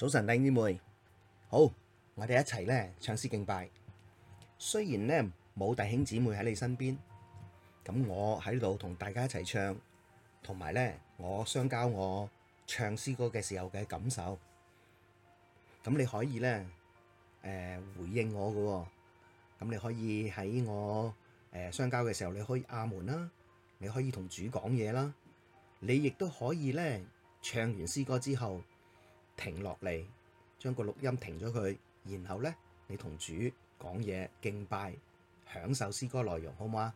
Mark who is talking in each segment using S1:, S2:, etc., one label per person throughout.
S1: 早晨，弟兄姊妹，好！我哋一齊咧唱詩敬拜。雖然咧冇弟兄姊妹喺你身邊，咁我喺度同大家一齊唱，同埋咧我相交我唱詩歌嘅時候嘅感受。咁你可以咧，誒、呃、回應我㗎、哦，咁你可以喺我誒、呃、相交嘅時候，你可以阿門啦，你可以同主講嘢啦，你亦都可以咧唱完詩歌之後。停落嚟，將個錄音停咗佢，然後呢，你同主講嘢，敬拜，享受詩歌內容，好唔好啊？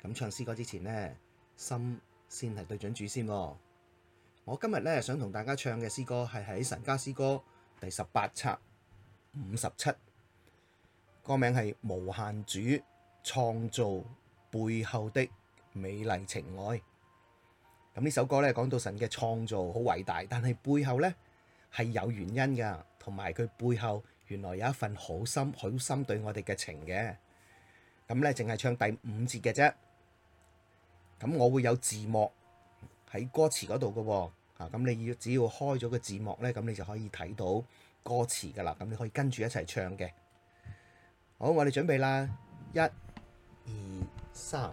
S1: 咁唱詩歌之前呢，心先係對準主先哦。我今日呢，想同大家唱嘅詩歌係喺神家詩歌第十八冊五十七，歌名係無限主創造背後的美麗情愛。咁呢首歌呢，講到神嘅創造好偉大，但係背後呢。係有原因㗎，同埋佢背後原來有一份好心、好心對我哋嘅情嘅。咁呢，淨係唱第五節嘅啫。咁我會有字幕喺歌詞嗰度嘅喎。啊，咁你要只要開咗個字幕呢，咁你就可以睇到歌詞㗎啦。咁你可以跟住一齊唱嘅。好，我哋準備啦，一、二、三。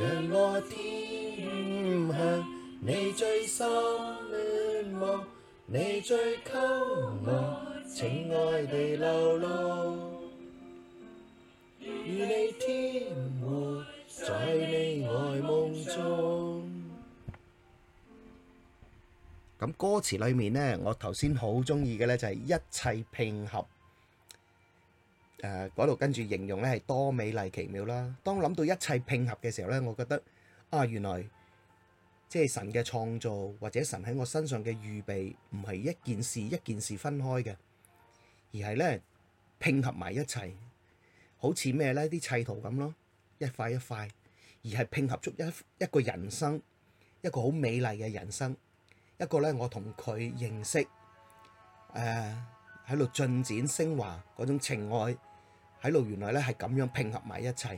S2: 讓我甜享你最深戀慕，你追求我情愛地流露，與你甜活在你愛夢中。
S1: 咁歌詞裏面呢，我頭先好鍾意嘅呢，就係一切併合。誒，嗰度，呃、跟住形容咧係多美麗奇妙啦。當諗到一切併合嘅時候咧，我覺得啊，原來即係神嘅創造或者神喺我身上嘅預備，唔係一件事一件事分開嘅，而係咧併合埋一齊，好似咩咧？啲砌圖咁咯，一塊一塊，而係併合出一一個人生，一個好美麗嘅人生。一個咧，我同佢認識，誒，呃，喺度進展升華嗰種情愛。喺度原來咧係咁樣拼合埋一齊，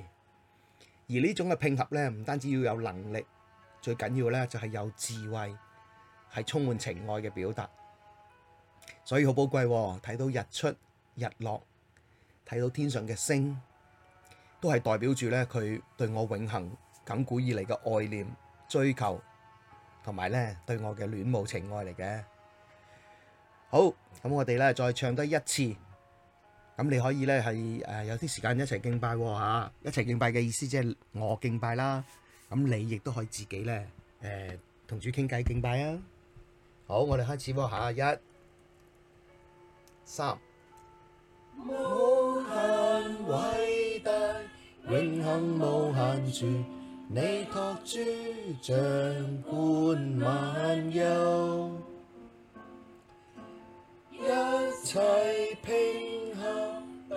S1: 而呢種嘅拼合咧唔單止要有能力，最緊要咧就係有智慧，係充滿情愛嘅表達。所以好寶貴、哦，睇到日出日落，睇到天上嘅星，都係代表住咧佢對我永恆亙古以嚟嘅愛念追求，同埋咧對我嘅戀慕情愛嚟嘅。好，咁我哋咧再唱多一次。咁你可以咧係誒有啲時間一齊敬拜喎，啊、一齊敬拜嘅意思即係我敬拜啦，咁你亦都可以自己咧誒、呃、同主傾偈敬拜啊！好，我哋開始喎，下一三，
S2: 無限偉大，永恆無限主，你托住、掌管萬有，一切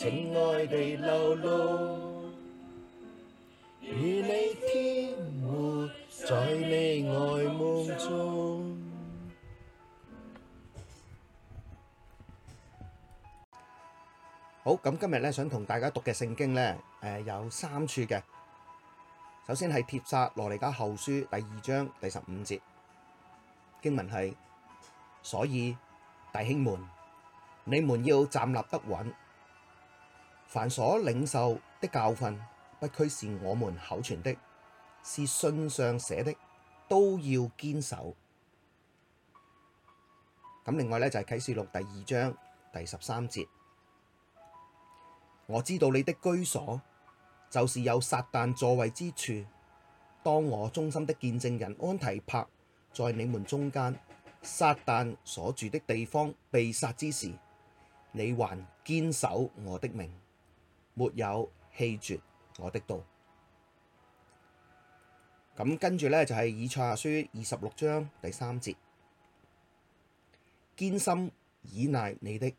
S2: 情愛的流露，與你甜活在你愛夢中。
S1: 好咁，今日呢想同大家讀嘅聖經呢，誒有三處嘅。首先係帖撒羅尼迦後書第二章第十五節，經文係，所以弟兄們，你們要站立得穩。凡所領受的教訓，不拘是我們口傳的，是信上寫的，都要堅守。咁另外呢，就係、是、啟示錄第二章第十三節，我知道你的居所就是有撒但座位之處。當我忠心的見證人安提帕在你們中間，撒但所住的地方被殺之時，你還堅守我的名。沒有棄絕我的道，咁跟住咧就係、是、以賽亞書二十六章第三節，堅心倚賴你的，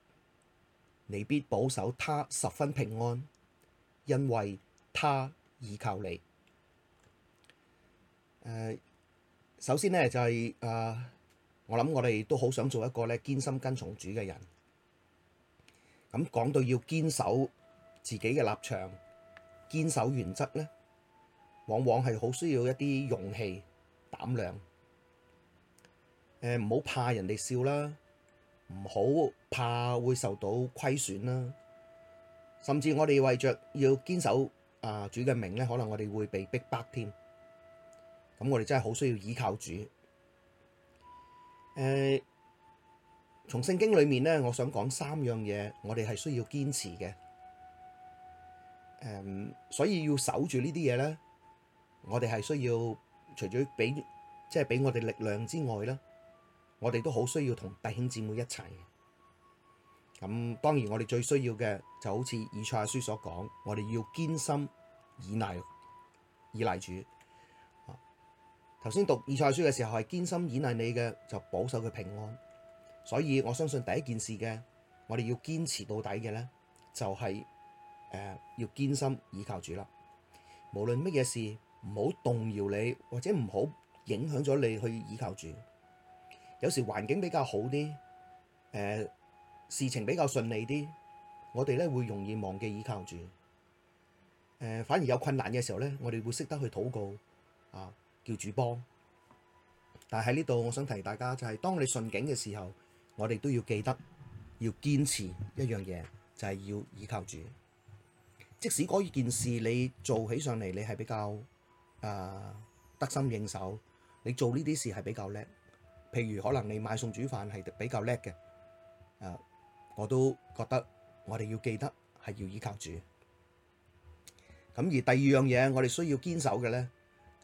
S1: 你必保守他十分平安，因為他倚靠你。誒、呃，首先咧就係、是、誒、呃，我諗我哋都好想做一個咧堅心跟從主嘅人，咁講到要堅守。自己嘅立場，堅守原則咧，往往係好需要一啲勇氣、膽量。誒、呃，唔好怕人哋笑啦，唔好怕會受到虧損啦。甚至我哋為着要堅守啊主嘅名咧，可能我哋會被逼迫添。咁、呃、我哋真係好需要依靠主。誒、呃，從聖經裏面咧，我想講三樣嘢，我哋係需要堅持嘅。誒、嗯，所以要守住呢啲嘢咧，我哋係需要除咗俾，即係俾我哋力量之外咧，我哋都好需要同弟兄姊妹一齊。咁、嗯、當然，我哋最需要嘅就好似以賽亞書所講，我哋要堅心倚賴倚賴主。頭、啊、先讀以賽亞書嘅時候，係堅心倚賴你嘅，就保守佢平安。所以我相信第一件事嘅，我哋要堅持到底嘅咧，就係、是。誒、呃、要堅心倚靠主啦。無論乜嘢事，唔好動搖你，或者唔好影響咗你去倚靠主。有時環境比較好啲，誒、呃、事情比較順利啲，我哋咧會容易忘記倚靠主。誒、呃、反而有困難嘅時候咧，我哋會識得去禱告啊，叫主幫。但係喺呢度，我想提大家就係、是、當你順境嘅時候，我哋都要記得要堅持一樣嘢，就係、是、要倚靠主。即使嗰件事你做起上嚟，你係比較誒、呃、得心應手，你做呢啲事係比較叻。譬如可能你買餸煮飯係比較叻嘅，誒、呃，我都覺得我哋要記得係要依靠主。咁、呃、而第二樣嘢，我哋需要堅守嘅呢，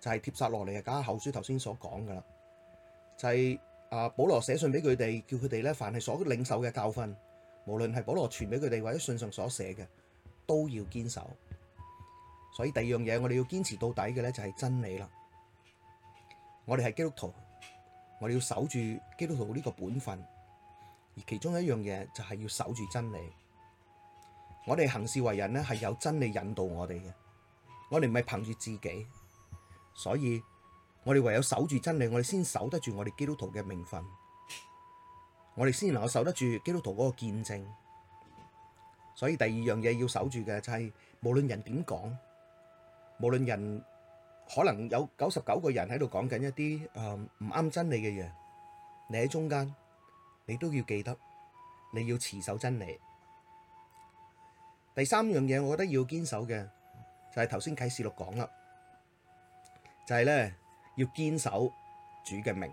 S1: 就係、是、帖撒羅尼迦後書頭先所講噶啦，就係、是、誒、啊、保羅寫信俾佢哋，叫佢哋呢凡係所領受嘅教訓，無論係保羅傳俾佢哋或者信上所寫嘅。都要堅守，所以第二樣嘢我哋要堅持到底嘅咧就係真理啦。我哋係基督徒，我哋要守住基督徒呢個本分，而其中一樣嘢就係要守住真理。我哋行事為人咧係有真理引導我哋嘅，我哋唔係憑住自己，所以我哋唯有守住真理，我哋先守得住我哋基督徒嘅名分，我哋先能夠守得住基督徒嗰個見證。所以第二樣嘢要守住嘅就係無論人點講，無論人可能有九十九個人喺度講緊一啲誒，唔啱真理嘅嘢，你喺中間，你都要記得你要持守真理。第三樣嘢，我覺得要堅守嘅就係頭先啟示錄講啦，就係咧要堅守主嘅名。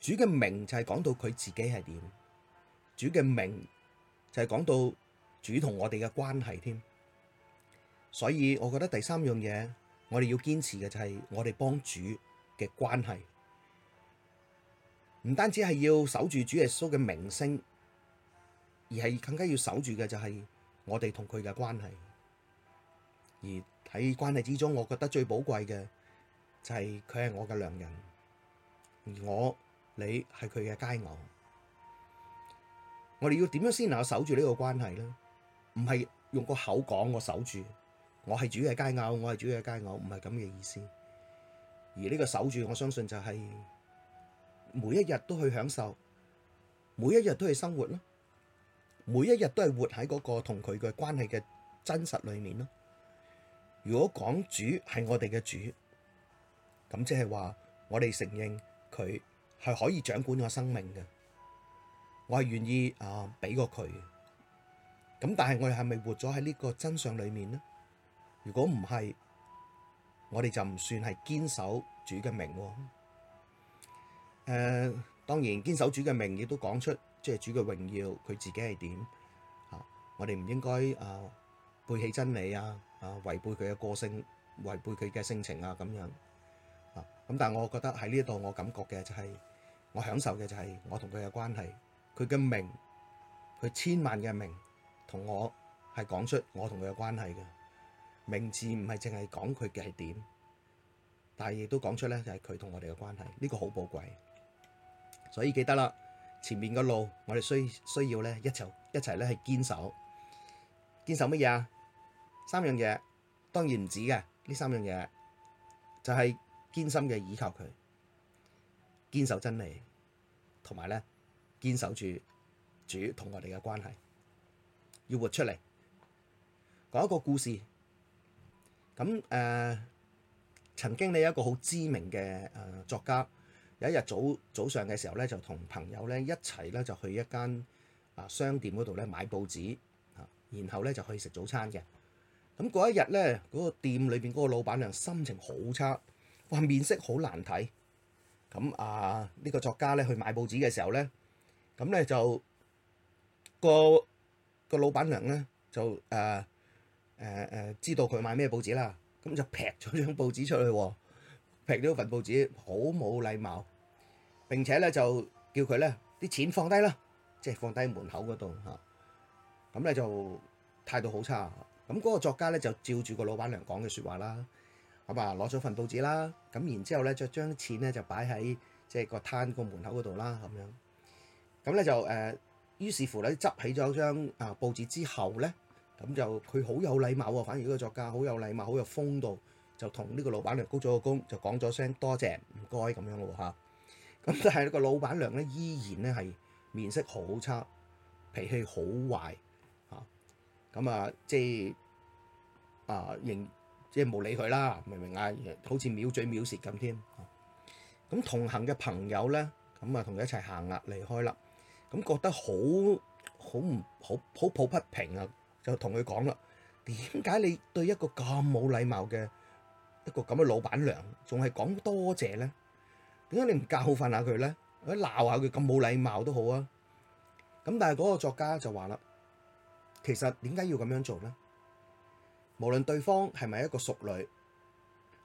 S1: 主嘅名就係講到佢自己係點，主嘅名。就係講到主同我哋嘅關係添，所以我覺得第三樣嘢我哋要堅持嘅就係我哋幫主嘅關係，唔單止係要守住主耶穌嘅名聲，而係更加要守住嘅就係我哋同佢嘅關係，而喺關係之中，我覺得最寶貴嘅就係佢係我嘅良人，而我你係佢嘅佳偶。我哋要點樣先能夠守住呢個關係呢？唔係用個口講我守住，我係主嘅佳偶，我係主嘅佳偶，唔係咁嘅意思。而呢個守住，我相信就係每一日都去享受，每一日都去生活咯，每一日都係活喺嗰個同佢嘅關係嘅真實裏面咯。如果講主係我哋嘅主，咁即係話我哋承認佢係可以掌管我生命嘅。我係願意啊俾過佢，咁但係我哋係咪活咗喺呢個真相裏面呢？如果唔係，我哋就唔算係堅守主嘅名。誒，當然堅守主嘅名，亦都講出即係主嘅榮耀，佢自己係點啊？我哋唔應該啊背棄真理啊啊，違背佢嘅個性，違背佢嘅性情啊咁樣啊。咁但係我覺得喺呢一度，我感覺嘅就係我享受嘅就係我同佢嘅關係。佢嘅名，佢千萬嘅名，同我係講出我同佢嘅關係嘅名字，唔係淨係講佢嘅係點，但係亦都講出咧就係佢同我哋嘅關係，呢、這個好寶貴，所以記得啦，前面嘅路我哋需需要咧一齊一齊咧係堅守，堅守乜嘢啊？三樣嘢，當然唔止嘅呢三樣嘢，就係、是、堅心嘅倚靠佢，堅守真理，同埋咧。堅守住主同我哋嘅關係，要活出嚟。講一個故事。咁誒、呃，曾經有一個好知名嘅誒、呃、作家有一日早早上嘅時候咧，就同朋友咧一齊咧就去一間啊商店嗰度咧買報紙啊，然後咧就去食早餐嘅。咁嗰一日咧，嗰、那個店裏邊嗰個老闆娘心情好差，哇面色好難睇。咁啊，呢、呃這個作家咧去買報紙嘅時候咧。咁咧就個個老闆娘咧就誒誒誒知道佢買咩報紙啦，咁就劈咗張報紙出去，劈咗份報紙，好冇禮貌。並且咧就叫佢咧啲錢放低啦，即係放低門口嗰度嚇。咁咧就態度好差。咁嗰個作家咧就照住個老闆娘講嘅説話啦，咁啊攞咗份報紙啦，咁然之後咧就將錢咧就擺喺即係個攤個門口嗰度啦，咁樣。咁咧就誒，於是乎咧執起咗張啊報紙之後咧，咁就佢好有禮貌喎。反而呢個作家好有禮貌，好有，有風度，就同呢個老闆娘鞠咗個躬，就講咗聲多謝唔該咁樣咯嚇。咁但係呢個老闆娘咧依然咧係面色好差，脾氣好壞嚇。咁啊即係啊認即係冇理佢啦，明唔明秒秒蝕蝕啊？好似藐嘴藐舌咁添。咁同行嘅朋友咧，咁啊同佢一齊行啦，離開啦。咁覺得好好唔好好抱不平啊！就同佢講啦，點解你對一個咁冇禮貌嘅一個咁嘅老闆娘，仲係講多謝咧？點解你唔教訓下佢咧？或者鬧下佢咁冇禮貌都好啊！咁但係嗰個作家就話啦，其實點解要咁樣做咧？無論對方係咪一個淑女，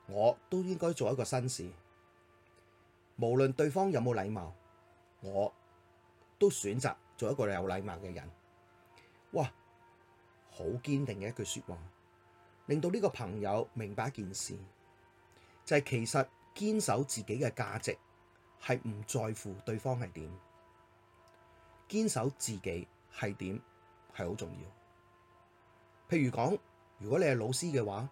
S1: 我都應該做一個紳士。無論對方有冇禮貌，我。都選擇做一個有禮貌嘅人，哇！好堅定嘅一句說話，令到呢個朋友明白一件事，就係其實堅守自己嘅價值係唔在乎對方係點，堅守自己係點係好重要。譬如講，如果你係老師嘅話，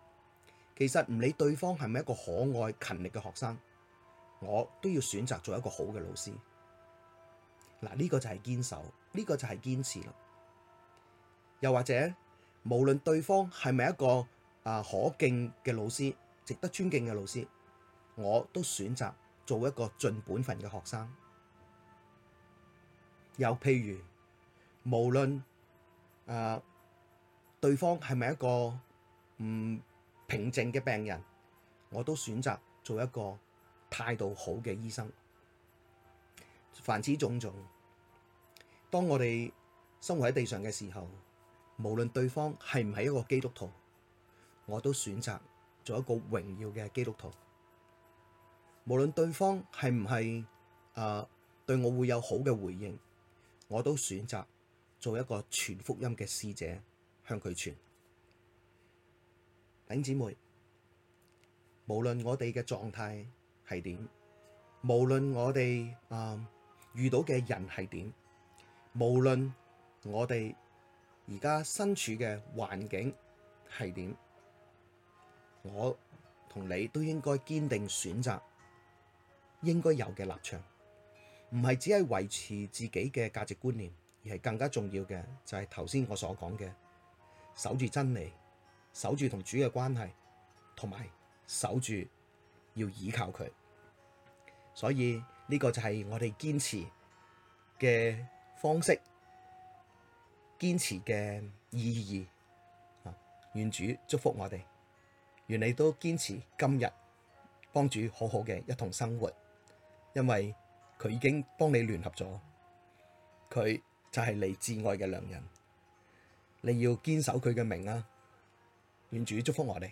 S1: 其實唔理對方係咪一個可愛勤力嘅學生，我都要選擇做一個好嘅老師。嗱，呢個就係堅守，呢、這個就係堅持啦。又或者，無論對方係咪一個啊可敬嘅老師，值得尊敬嘅老師，我都選擇做一個盡本分嘅學生。又譬如，無論啊、呃、對方係咪一個唔平靜嘅病人，我都選擇做一個態度好嘅醫生。凡此種種，當我哋生活喺地上嘅時候，無論對方係唔係一個基督徒，我都選擇做一個榮耀嘅基督徒。無論對方係唔係啊，對我會有好嘅回應，我都選擇做一個傳福音嘅使者，向佢傳。弟兄姊妹，無論我哋嘅狀態係點，無論我哋啊。遇到嘅人係點，無論我哋而家身處嘅環境係點，我同你都應該堅定選擇應該有嘅立場，唔係只係維持自己嘅價值觀念，而係更加重要嘅就係頭先我所講嘅，守住真理，守住同主嘅關係，同埋守住要倚靠佢，所以。呢個就係我哋堅持嘅方式，堅持嘅意義。啊，願主祝福我哋，願你都堅持今日幫主好好嘅一同生活，因為佢已經幫你聯合咗，佢就係你至愛嘅良人。你要堅守佢嘅名啊！願主祝福我哋。